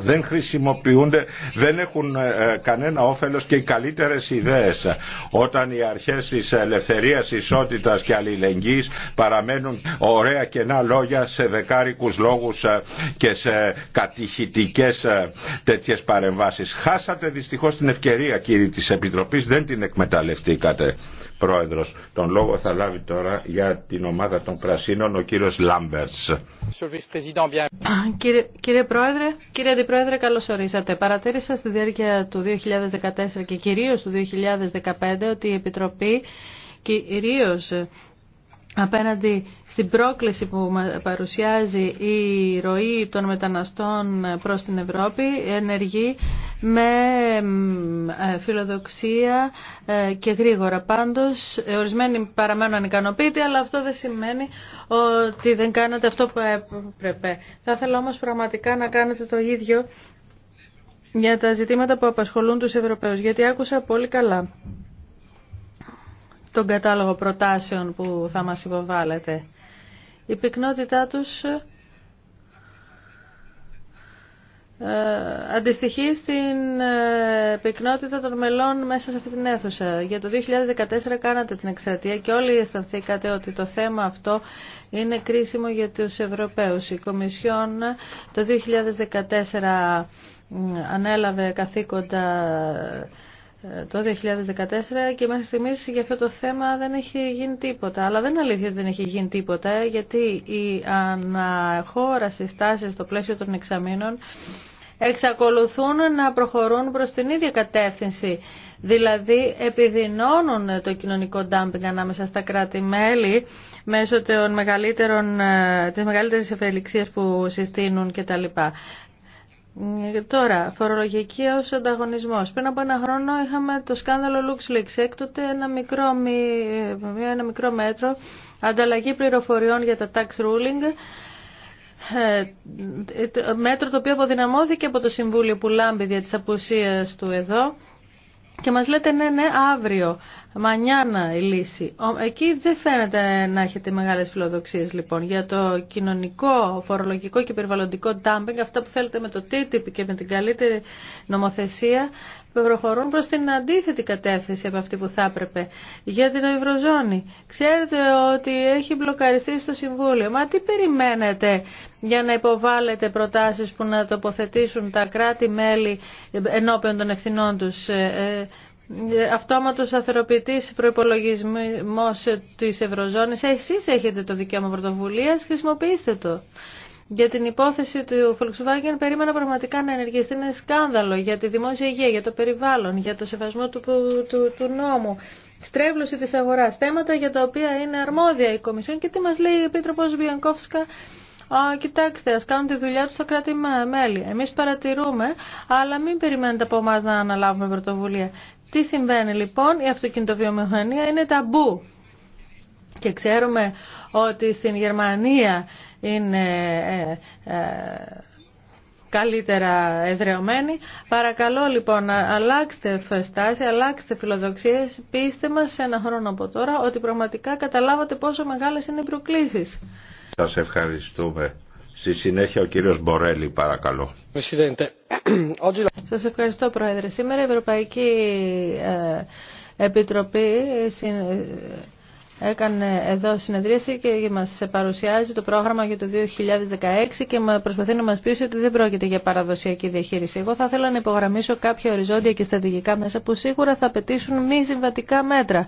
δεν χρησιμοποιούνται, δεν έχουν ε, ε, κανένα όφελος και οι καλύτερες ιδέες όταν οι αρχές της ελευθερίας, ισότητας και αλληλεγγύης παραμένουν ωραία κενά λόγια σε δεκάρικους λόγους ε, και σε κατηχητικές τέτοιες παρεμβάσεις. Χάσατε δυστυχώς την ευκαιρία κύριοι της Επιτροπής, δεν την εκμεταλλευτήκατε. Πρόεδρος. Τον λόγο θα λάβει τώρα για την ομάδα των Πρασίνων ο κύριος Λάμπερτς. Κύριε, Πρόεδρε, κύριε Αντιπρόεδρε, καλώς ορίσατε. Παρατήρησα στη διάρκεια του 2014 και κυρίως του 2015 ότι η Επιτροπή κυρίως απέναντι στην πρόκληση που παρουσιάζει η ροή των μεταναστών προς την Ευρώπη ενεργεί με ε, φιλοδοξία ε, και γρήγορα. Πάντως, ε, ορισμένοι παραμένουν ανικανοποίητοι, αλλά αυτό δεν σημαίνει ότι δεν κάνετε αυτό που έπρεπε. Θα ήθελα όμως πραγματικά να κάνετε το ίδιο για τα ζητήματα που απασχολούν τους Ευρωπαίους, γιατί άκουσα πολύ καλά τον κατάλογο προτάσεων που θα μας υποβάλλετε. Η πυκνότητά τους ε, αντιστοιχεί στην ε, πυκνότητα των μελών μέσα σε αυτή την αίθουσα. Για το 2014 κάνατε την εξαρτία και όλοι αισθανθήκατε ότι το θέμα αυτό είναι κρίσιμο για τους Ευρωπαίους. Η Κομισιόν ε, το 2014 ανέλαβε καθήκοντα ε, το 2014 και μέχρι στιγμής για αυτό το θέμα δεν έχει γίνει τίποτα. Αλλά δεν είναι αλήθεια ότι δεν έχει γίνει τίποτα ε, γιατί η αναχώρα συστάσεις στο πλαίσιο των εξαμήνων εξακολουθούν να προχωρούν προς την ίδια κατεύθυνση. Δηλαδή επιδεινώνουν το κοινωνικό ντάμπινγκ ανάμεσα στα κράτη-μέλη μέσω των μεγαλύτερων, ε, της μεγαλύτερης ευελιξίας που συστήνουν κτλ. Ε, τώρα, φορολογική ω ανταγωνισμό. Πριν από ένα χρόνο είχαμε το σκάνδαλο LuxLeaks. Έκτοτε ένα μικρό, ε, ένα μικρό μέτρο, ανταλλαγή πληροφοριών για τα tax ruling. Ε, μέτρο το οποίο αποδυναμώθηκε από το Συμβούλιο που λάμπει δια τις απουσίας του εδώ. Και μας λέτε ναι, ναι, αύριο μανιάνα η λύση. Εκεί δεν φαίνεται να έχετε μεγάλες φιλοδοξίες λοιπόν για το κοινωνικό, φορολογικό και περιβαλλοντικό dumping, αυτά που θέλετε με το TTIP και με την καλύτερη νομοθεσία προχωρούν προς την αντίθετη κατεύθυνση από αυτή που θα έπρεπε για την Ευρωζώνη. Ξέρετε ότι έχει μπλοκαριστεί στο Συμβούλιο. Μα τι περιμένετε για να υποβάλλετε προτάσεις που να τοποθετήσουν τα κράτη-μέλη ενώπιον των ευθυνών τους. Ε, ε, ε, αυτόματος αθεροποιητής προϋπολογισμός της Ευρωζώνης. Ε, εσείς έχετε το δικαίωμα πρωτοβουλία, χρησιμοποιήστε το. Για την υπόθεση του Volkswagen περίμενα πραγματικά να ενεργήσει. Είναι σκάνδαλο για τη δημόσια υγεία, για το περιβάλλον, για το σεβασμό του, του, νόμου. Στρέβλωση της αγοράς, θέματα για τα οποία είναι αρμόδια η Κομισιόν και τι μας λέει η Επίτροπος Βιανκόφσκα Α, κοιτάξτε, α κάνουν τη δουλειά του τα κράτη-μέλη. Εμεί παρατηρούμε, αλλά μην περιμένετε από εμά να αναλάβουμε πρωτοβουλία. Τι συμβαίνει λοιπόν, η αυτοκινητοβιομηχανία είναι ταμπού. Και ξέρουμε ότι στην Γερμανία είναι ε, ε, καλύτερα εδρεωμένη. Παρακαλώ λοιπόν αλλάξτε στάση, αλλάξτε φιλοδοξίες. Πείστε μας σε ένα χρόνο από τώρα ότι πραγματικά καταλάβατε πόσο μεγάλες είναι οι προκλήσεις. Σας ευχαριστούμε. Στη συνέχεια ο κύριος Μπορέλη παρακαλώ. Σας ευχαριστώ Πρόεδρε. Σήμερα η Ευρωπαϊκή ε, Επιτροπή ε, έκανε εδώ συνεδρίαση και μας παρουσιάζει το πρόγραμμα για το 2016 και προσπαθεί να μας πείσει ότι δεν πρόκειται για παραδοσιακή διαχείριση. Εγώ θα ήθελα να υπογραμμίσω κάποια οριζόντια και στρατηγικά μέσα που σίγουρα θα απαιτήσουν μη συμβατικά μέτρα.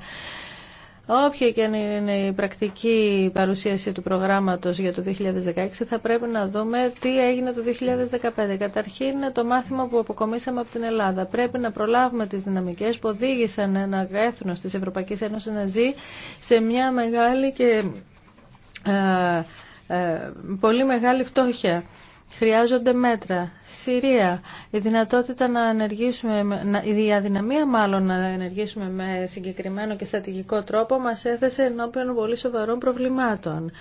Όποια και αν είναι η πρακτική παρουσίαση του προγράμματος για το 2016 θα πρέπει να δούμε τι έγινε το 2015. Καταρχήν το μάθημα που αποκομίσαμε από την Ελλάδα. Πρέπει να προλάβουμε τις δυναμικές που οδήγησαν ένα έθνος της Ευρωπαϊκής Ένωσης να ζει σε μια μεγάλη και ε, ε, πολύ μεγάλη φτώχεια. Χρειάζονται μέτρα. Συρία, η δυνατότητα να ενεργήσουμε, η διαδυναμία μάλλον να ενεργήσουμε με συγκεκριμένο και στρατηγικό τρόπο μας έθεσε ενώπιον πολύ σοβαρών προβλημάτων.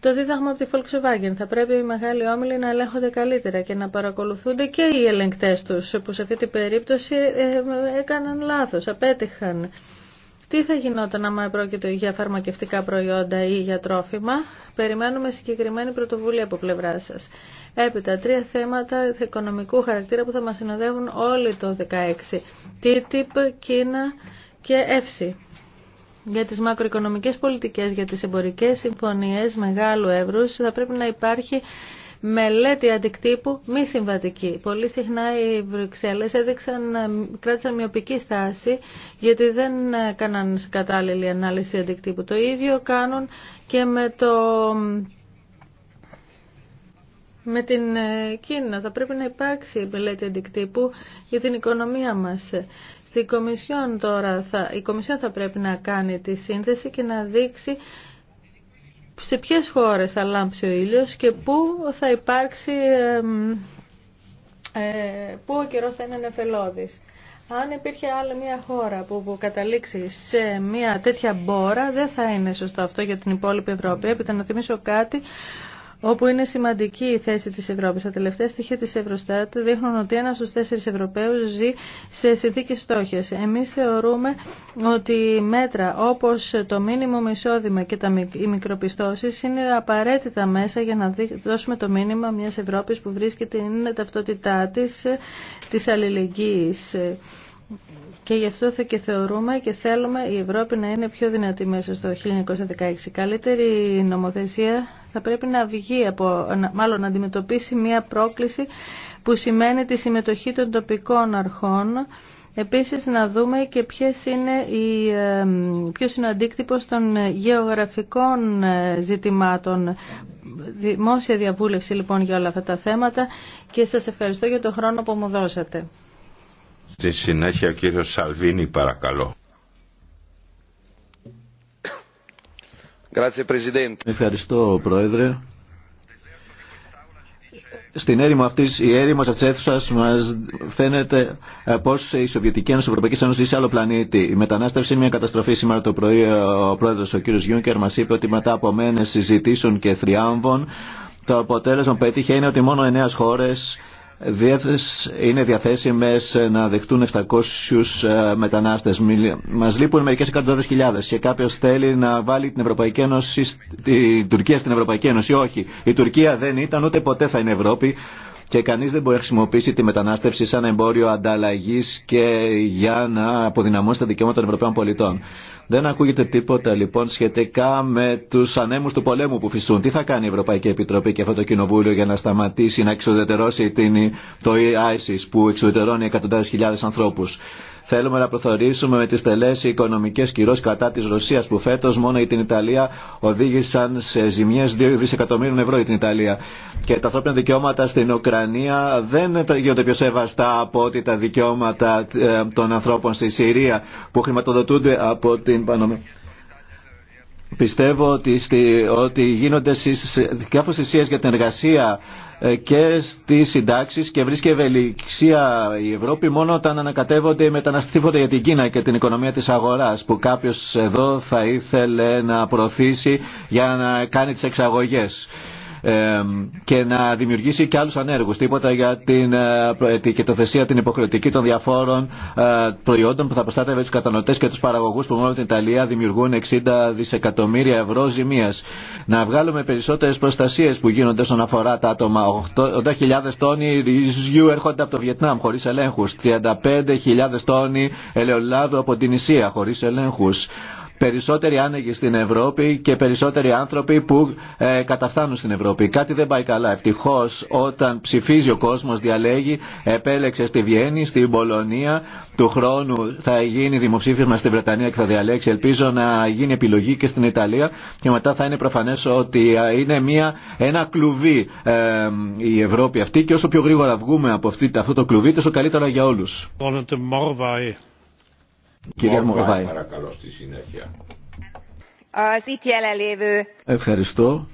Το δίδαγμα από τη Volkswagen θα πρέπει οι μεγάλοι όμιλοι να ελέγχονται καλύτερα και να παρακολουθούνται και οι ελεγκτές τους που σε αυτή την περίπτωση ε, ε, έκαναν λάθος, απέτυχαν. Τι θα γινόταν άμα πρόκειται για φαρμακευτικά προϊόντα ή για τρόφιμα. Περιμένουμε συγκεκριμένη πρωτοβουλία από πλευρά σα. Έπειτα, τρία θέματα οικονομικού χαρακτήρα που θα μα συνοδεύουν όλοι το 2016. TTIP, Κίνα και ΕΦΣΥ. Για τις μακροοικονομικές πολιτικές, για τις εμπορικές συμφωνίες μεγάλου εύρους θα πρέπει να υπάρχει μελέτη αντικτύπου μη συμβατική. Πολύ συχνά οι Βρυξέλλες έδειξαν, ε, κράτησαν μειοπική στάση γιατί δεν έκαναν ε, κατάλληλη ανάλυση αντικτύπου. Το ίδιο κάνουν και με το με την ε, Κίνα. Θα πρέπει να υπάρξει μελέτη αντικτύπου για την οικονομία μας. Στην Κομισιόν τώρα θα, η Κομισιόν θα πρέπει να κάνει τη σύνθεση και να δείξει σε ποιες χώρες θα λάμψει ο ήλιος και πού θα υπάρξει, ε, πού ο καιρός θα είναι νεφελώδης. Αν υπήρχε άλλη μια χώρα που, καταλήξει σε μια τέτοια μπόρα, δεν θα είναι σωστό αυτό για την υπόλοιπη Ευρώπη. Έπειτα να θυμίσω κάτι όπου είναι σημαντική η θέση της Ευρώπης. Τα τελευταία στοιχεία της Ευρωστάτ δείχνουν ότι ένας στους τέσσερις Ευρωπαίους ζει σε συνθήκες στόχες. Εμείς θεωρούμε ότι μέτρα όπως το μήνυμο εισόδημα και τα, οι μικροπιστώσεις είναι απαραίτητα μέσα για να δώσουμε το μήνυμα μιας Ευρώπης που βρίσκεται είναι ταυτότητά της, της αλληλεγγύης. Και γι' αυτό θα και θεωρούμε και θέλουμε η Ευρώπη να είναι πιο δυνατή μέσα στο 1916. Καλύτερη νομοθεσία θα πρέπει να βγει από, μάλλον να αντιμετωπίσει μια πρόκληση που σημαίνει τη συμμετοχή των τοπικών αρχών Επίσης να δούμε και ποιες είναι οι, ποιος είναι ο αντίκτυπος των γεωγραφικών ε, ζητημάτων. Δημόσια διαβούλευση λοιπόν για όλα αυτά τα θέματα και σας ευχαριστώ για τον χρόνο που μου δώσατε. Στη συνέχεια ο Σαλβίνη παρακαλώ. Ευχαριστώ Πρόεδρε. Στην έρημο αυτή, η έρημο αυτή τη αίθουσα μα φαίνεται ε, πώ η Σοβιετική Ένωση, η Ευρωπαϊκή Ένωση ζει σε άλλο πλανήτη. Η μετανάστευση είναι μια καταστροφή. Σήμερα το πρωί ο πρόεδρο, ο κύριο Γιούνκερ, μα είπε ότι μετά από μένε συζητήσεων και θριάμβων, το αποτέλεσμα που πέτυχε είναι ότι μόνο εννέα χώρε είναι διαθέσιμες να δεχτούν 700 ε, μετανάστες. Μας λείπουν μερικές εκατοντάδες χιλιάδες και κάποιος θέλει να βάλει την Ευρωπαϊκή Ένωση, την Τουρκία στην Ευρωπαϊκή Ένωση. Όχι, η Τουρκία δεν ήταν ούτε ποτέ θα είναι Ευρώπη και κανείς δεν μπορεί να χρησιμοποιήσει τη μετανάστευση σαν εμπόριο ανταλλαγής και για να αποδυναμώσει τα δικαιώματα των Ευρωπαίων πολιτών. Δεν ακούγεται τίποτα λοιπόν σχετικά με του ανέμου του πολέμου που φυσούν. Τι θα κάνει η Ευρωπαϊκή Επιτροπή και αυτό το Κοινοβούλιο για να σταματήσει να εξοδετερώσει την, το ISIS που εξοδετερώνει εκατοντάδε χιλιάδε ανθρώπου. Θέλουμε να προθωρήσουμε με τι τελέσει οικονομικέ κυρώσει κατά τη Ρωσία που φέτο μόνο η την Ιταλία οδήγησαν σε ζημιέ 2 δισεκατομμύρων ευρώ για την Ιταλία. Και τα ανθρώπινα δικαιώματα στην Ουκρανία δεν γίνονται πιο σεβαστά από ότι τα δικαιώματα ε, των ανθρώπων στη Συρία που χρηματοδοτούνται από την Πιστεύω ότι, ότι γίνονται κάποιε θυσίε για την εργασία ε, και στι συντάξει και βρίσκει ευελιξία η Ευρώπη μόνο όταν ανακατεύονται οι μεταναστεύονται για την Κίνα και την οικονομία τη αγορά που κάποιο εδώ θα ήθελε να προωθήσει για να κάνει τι εξαγωγέ και να δημιουργήσει και άλλους ανέργους. Τίποτα για την ε, θεσία την υποχρεωτική των διαφόρων ε, προϊόντων που θα προστάτευε τους κατανοτές και τους παραγωγούς που μόνο την Ιταλία δημιουργούν 60 δισεκατομμύρια ευρώ ζημίας. Να βγάλουμε περισσότερες προστασίες που γίνονται στον αφορά τα άτομα. 80.000 τόνοι ρυζιού έρχονται από το Βιετνάμ χωρίς ελέγχους. 35.000 τόνοι ελαιολάδου από την Ισία χωρίς ελέγχους. Περισσότεροι άνεγοι στην Ευρώπη και περισσότεροι άνθρωποι που ε, καταφθάνουν στην Ευρώπη. Κάτι δεν πάει καλά. Ευτυχώ όταν ψηφίζει ο κόσμο, διαλέγει, επέλεξε στη Βιέννη, στην Πολωνία. Του χρόνου θα γίνει δημοψήφισμα στη Βρετανία και θα διαλέξει. Ελπίζω να γίνει επιλογή και στην Ιταλία και μετά θα είναι προφανέ ότι ε, είναι μια, ένα κλουβί ε, η Ευρώπη αυτή και όσο πιο γρήγορα βγούμε από αυτή, αυτό το κλουβί, τόσο καλύτερα για όλου. Κυρία Μορβάη. Ευχαριστώ.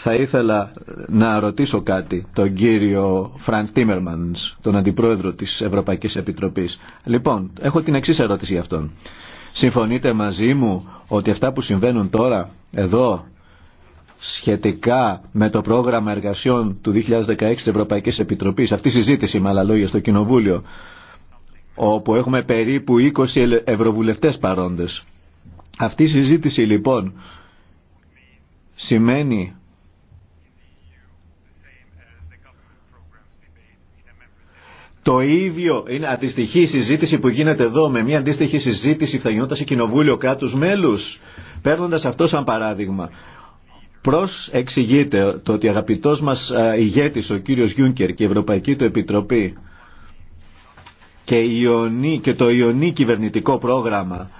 Θα ήθελα να ρωτήσω κάτι τον κύριο Φραντ Τίμερμανς, τον αντιπρόεδρο της Ευρωπαϊκής Επιτροπής. Λοιπόν, έχω την εξής ερώτηση για αυτόν. Συμφωνείτε μαζί μου ότι αυτά που συμβαίνουν τώρα εδώ σχετικά με το πρόγραμμα εργασιών του 2016 της Ευρωπαϊκής Επιτροπής, αυτή η συζήτηση με άλλα λόγια στο Κοινοβούλιο, όπου έχουμε περίπου 20 ευρωβουλευτές παρόντες. Αυτή η συζήτηση λοιπόν σημαίνει Το ίδιο είναι αντιστοιχή συζήτηση που γίνεται εδώ με μια αντίστοιχη συζήτηση που θα γινόταν σε κοινοβούλιο κράτους μέλους, παίρνοντας αυτό σαν παράδειγμα. Προς εξηγείται το ότι αγαπητός μας ε, ηγέτης ο κύριος Γιούνκερ και η Ευρωπαϊκή του Επιτροπή και, και το Ιωνί κυβερνητικό πρόγραμμα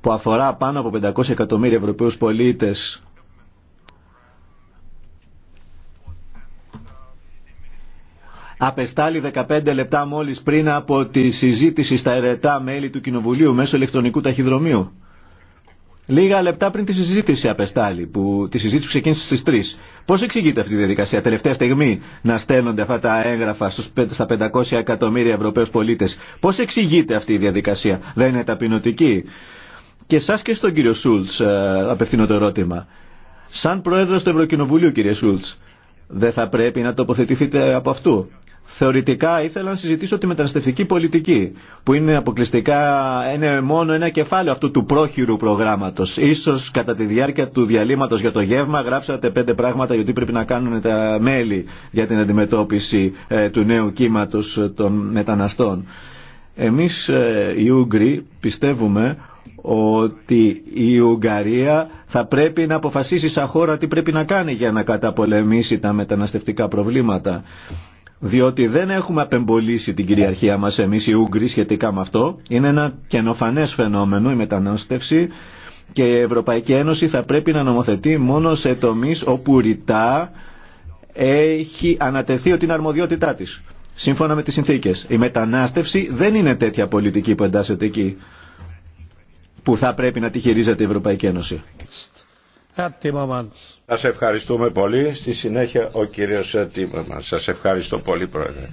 που αφορά πάνω από 500 εκατομμύρια Ευρωπαίους πολίτες απεστάλλει 15 λεπτά μόλις πριν από τη συζήτηση στα ερετά μέλη του Κοινοβουλίου μέσω ηλεκτρονικού ταχυδρομείου. Λίγα λεπτά πριν τη συζήτηση απεστάλλει, που, τη συζήτηση που ξεκίνησε στι 3. Πώ εξηγείται αυτή η διαδικασία, τελευταία στιγμή, να στέλνονται αυτά τα έγγραφα στους, στα 500 εκατομμύρια Ευρωπαίου πολίτε. Πώ εξηγείται αυτή η διαδικασία, δεν είναι ταπεινωτική. Και εσά και στον κύριο Σούλτ ε, απευθύνω το ερώτημα. Σαν πρόεδρο του Ευρωκοινοβουλίου, κύριε Σούλτ, δεν θα πρέπει να τοποθετηθείτε από αυτού. Θεωρητικά ήθελα να συζητήσω τη μεταναστευτική πολιτική, που είναι αποκλειστικά είναι μόνο ένα κεφάλαιο αυτού του πρόχειρου προγράμματο. σω κατά τη διάρκεια του διαλύματο για το γεύμα γράψατε πέντε πράγματα γιατί πρέπει να κάνουν τα μέλη για την αντιμετώπιση ε, του νέου κύματο των μεταναστών. Εμεί ε, οι Ούγγροι πιστεύουμε ότι η Ουγγαρία θα πρέπει να αποφασίσει σαν χώρα τι πρέπει να κάνει για να καταπολεμήσει τα μεταναστευτικά προβλήματα διότι δεν έχουμε απεμπολίσει την κυριαρχία μας εμείς οι Ούγγροι σχετικά με αυτό. Είναι ένα καινοφανές φαινόμενο η μετανάστευση και η Ευρωπαϊκή Ένωση θα πρέπει να νομοθετεί μόνο σε τομείς όπου ρητά έχει ανατεθεί την αρμοδιότητά της. Σύμφωνα με τις συνθήκες. Η μετανάστευση δεν είναι τέτοια πολιτική που εντάσσεται εκεί που θα πρέπει να τη χειρίζεται η Ευρωπαϊκή Ένωση. Σας ευχαριστούμε πολύ. Στη συνέχεια ο κύριος Τίμερμαν. Σας ευχαριστώ πολύ πρόεδρε.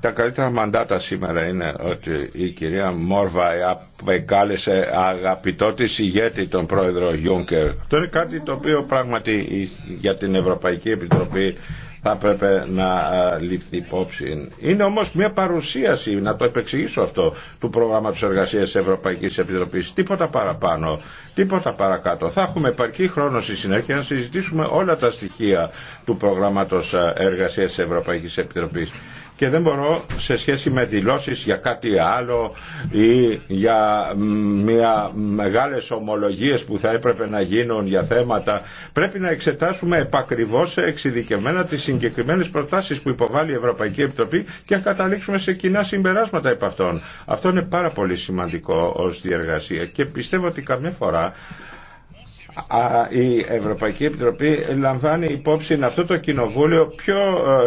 Τα καλύτερα μαντάτα σήμερα είναι ότι η κυρία Μόρβα απεκάλεσε αγαπητό τη ηγέτη τον πρόεδρο Γιούνκερ. Αυτό είναι κάτι το οποίο πράγματι για την Ευρωπαϊκή Επιτροπή θα πρέπει να ε, ληφθεί υπόψη. Είναι όμως μια παρουσίαση, να το επεξηγήσω αυτό, του προγράμματος εργασίας Ευρωπαϊκής Επιτροπής. Τίποτα παραπάνω, τίποτα παρακάτω. Θα έχουμε επαρκή χρόνο στη συνέχεια να συζητήσουμε όλα τα στοιχεία του προγράμματος ε, εργασίας Ευρωπαϊκής Επιτροπής και δεν μπορώ σε σχέση με δηλώσεις για κάτι άλλο ή για μια μεγάλες ομολογίες που θα έπρεπε να γίνουν για θέματα πρέπει να εξετάσουμε επακριβώς εξειδικευμένα τις συγκεκριμένες προτάσεις που υποβάλλει η Ευρωπαϊκή Επιτροπή και να καταλήξουμε σε κοινά συμπεράσματα επ' αυτών. Αυτό είναι πάρα πολύ σημαντικό ως διεργασία και πιστεύω ότι καμιά φορά η Ευρωπαϊκή Επιτροπή λαμβάνει υπόψη αυτό το κοινοβούλιο πιο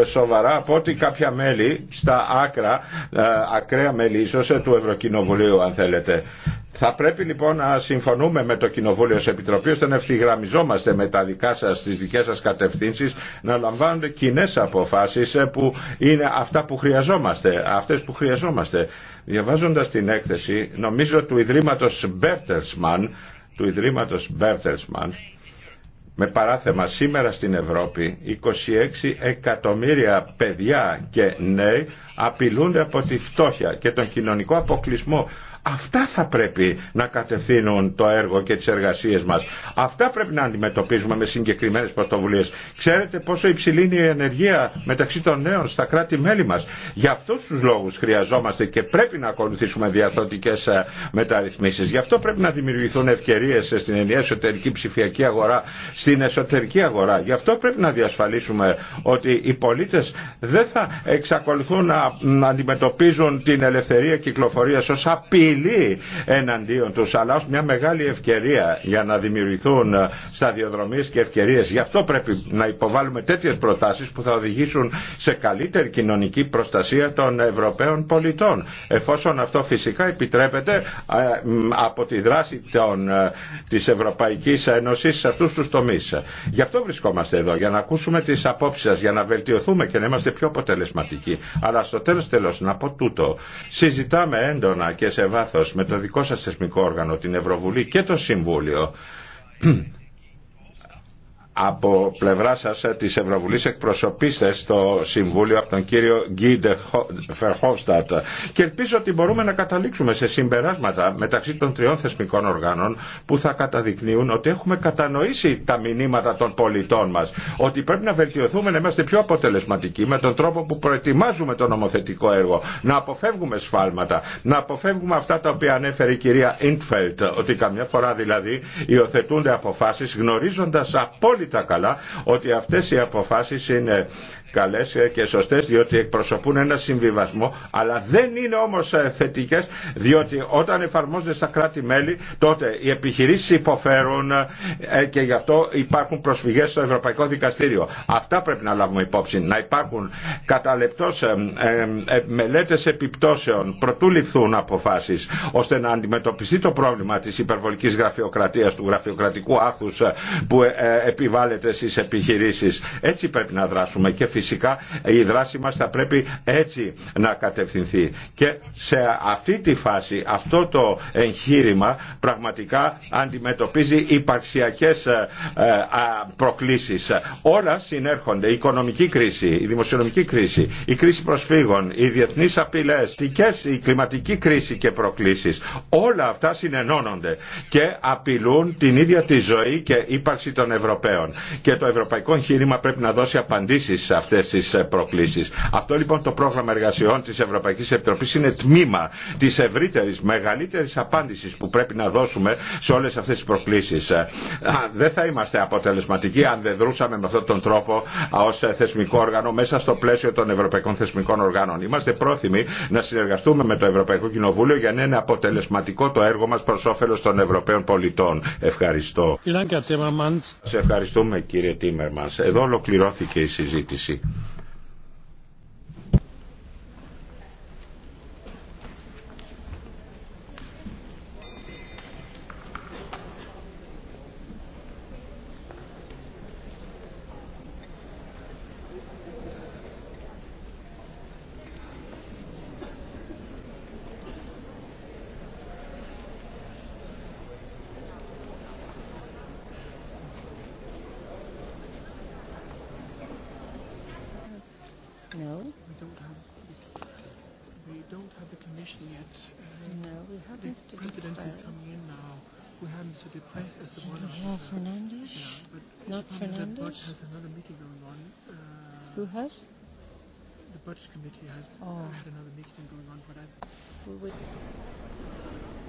ε, σοβαρά από ότι κάποια μέλη στα άκρα, ε, ακραία μέλη ίσως ε, του Ευρωκοινοβουλίου αν θέλετε. Θα πρέπει λοιπόν να συμφωνούμε με το Κοινοβούλιο σε Επιτροπή ώστε να ευθυγραμμιζόμαστε με τα δικά σας, τις δικές σας κατευθύνσεις να λαμβάνονται κοινέ αποφάσεις που είναι αυτά που χρειαζόμαστε, αυτές που χρειαζόμαστε. Διαβάζοντας την έκθεση, νομίζω του ιδρύματο Μπέρτερσμαν, του Ιδρύματος Μπέρτελσμαν με παράθεμα σήμερα στην Ευρώπη 26 εκατομμύρια παιδιά και νέοι απειλούνται από τη φτώχεια και τον κοινωνικό αποκλεισμό Αυτά θα πρέπει να κατευθύνουν το έργο και τις εργασίες μας. Αυτά πρέπει να αντιμετωπίζουμε με συγκεκριμένες πρωτοβουλίες. Ξέρετε πόσο υψηλή είναι η ενεργεία μεταξύ των νέων στα κράτη-μέλη μας. Για αυτούς τους λόγους χρειαζόμαστε και πρέπει να ακολουθήσουμε διαθωτικές ε, μεταρρυθμίσεις. Γι' αυτό πρέπει να δημιουργηθούν ευκαιρίες στην ενιαία εσωτερική ψηφιακή αγορά, στην εσωτερική αγορά. Γι' αυτό πρέπει να διασφαλίσουμε ότι οι πολίτες δεν θα εξακολουθούν να αντιμετωπίζουν την ελευθερία κυκλοφορία ως απειλή απειλή εναντίον τους αλλά ως μια μεγάλη ευκαιρία για να δημιουργηθούν ε, σταδιοδρομίες και ευκαιρίες. Γι' αυτό πρέπει να υποβάλουμε τέτοιες προτάσεις που θα οδηγήσουν σε καλύτερη κοινωνική προστασία των Ευρωπαίων πολιτών. Εφόσον αυτό φυσικά επιτρέπεται ε, από τη δράση τη ε, της Ευρωπαϊκής Ένωσης σε αυτούς τους τομείς. Γι' αυτό βρισκόμαστε εδώ, για να ακούσουμε τις απόψεις σας, για να βελτιωθούμε και να είμαστε πιο αποτελεσματικοί. Αλλά στο τέλος να πω τούτο. Συζητάμε έντονα και σε βάθος με το δικό σας θεσμικό όργανο, την Ευρωβουλή και το Συμβούλιο από πλευρά σα ε, τη Ευρωβουλή εκπροσωπήστε στο Συμβούλιο από τον κύριο Γκίντε Φερχόφστατ και ελπίζω ότι μπορούμε να καταλήξουμε σε συμπεράσματα μεταξύ των τριών θεσμικών οργάνων που θα καταδεικνύουν ότι έχουμε κατανοήσει τα μηνύματα των πολιτών μα, ότι πρέπει να βελτιωθούμε να είμαστε πιο αποτελεσματικοί με τον τρόπο που προετοιμάζουμε το νομοθετικό έργο να αποφεύγουμε σφάλματα να αποφεύγουμε αυτά τα οποία ανέφερε η κυρία Ιντφελτ ότι καμιά φορά δηλαδή υιοθετούνται αποφάσει γνωρίζοντα απόλυτα τα καλά ότι αυτές οι αποφάσεις είναι καλές και σωστές διότι εκπροσωπούν ένα συμβιβασμό αλλά δεν είναι όμως ε, θετικές διότι όταν εφαρμόζονται στα κράτη-μέλη τότε οι επιχειρήσεις υποφέρουν ε, και γι' αυτό υπάρχουν προσφυγές στο Ευρωπαϊκό Δικαστήριο. Αυτά πρέπει να λάβουμε υπόψη. Να υπάρχουν καταλεπτός ε, μελέτες επιπτώσεων προτού ληφθούν αποφάσεις ώστε να αντιμετωπιστεί το πρόβλημα της υπερβολικής γραφειοκρατίας του γραφειοκρατικού άκου που επιβάλλεται στις επιχειρήσεις. Έτσι πρέπει να δράσουμε φυσικά η δράση μας θα πρέπει έτσι να κατευθυνθεί. Και σε αυτή τη φάση αυτό το εγχείρημα πραγματικά αντιμετωπίζει υπαρξιακές ε, ε, προκλήσεις. Όλα συνέρχονται. Η οικονομική κρίση, η δημοσιονομική κρίση, η κρίση προσφύγων, οι διεθνείς απειλές, η κλιματική κρίση και προκλήσεις. Όλα αυτά συνενώνονται και απειλούν την ίδια τη ζωή και ύπαρξη των Ευρωπαίων. Και το ευρωπαϊκό εγχείρημα πρέπει να δώσει απαντήσεις ε, Αυτό λοιπόν το πρόγραμμα εργασιών τη Ευρωπαϊκή Επιτροπής είναι τμήμα τη ευρύτερη, μεγαλύτερη απάντηση που πρέπει να δώσουμε σε όλε αυτέ τι προκλήσει. Ε, δεν θα είμαστε αποτελεσματικοί αν δεν δρούσαμε με αυτόν τον τρόπο ε, ω θεσμικό όργανο μέσα στο πλαίσιο των ευρωπαϊκών θεσμικών οργάνων. Είμαστε πρόθυμοι να συνεργαστούμε με το Ευρωπαϊκό Κοινοβούλιο για να είναι αποτελεσματικό το έργο μα προ όφελο των Ευρωπαίων πολιτών. Ευχαριστώ. Σε ευχαριστούμε κύριε Τίμερμαν. Εδώ ολοκληρώθηκε η συζήτηση πολύ. The to President is coming in now. We have Mr. be as the one. Yeah, Not Fernandez. has another meeting going on. Uh, Who has? The budget committee has oh. had another meeting going on, but I. We would.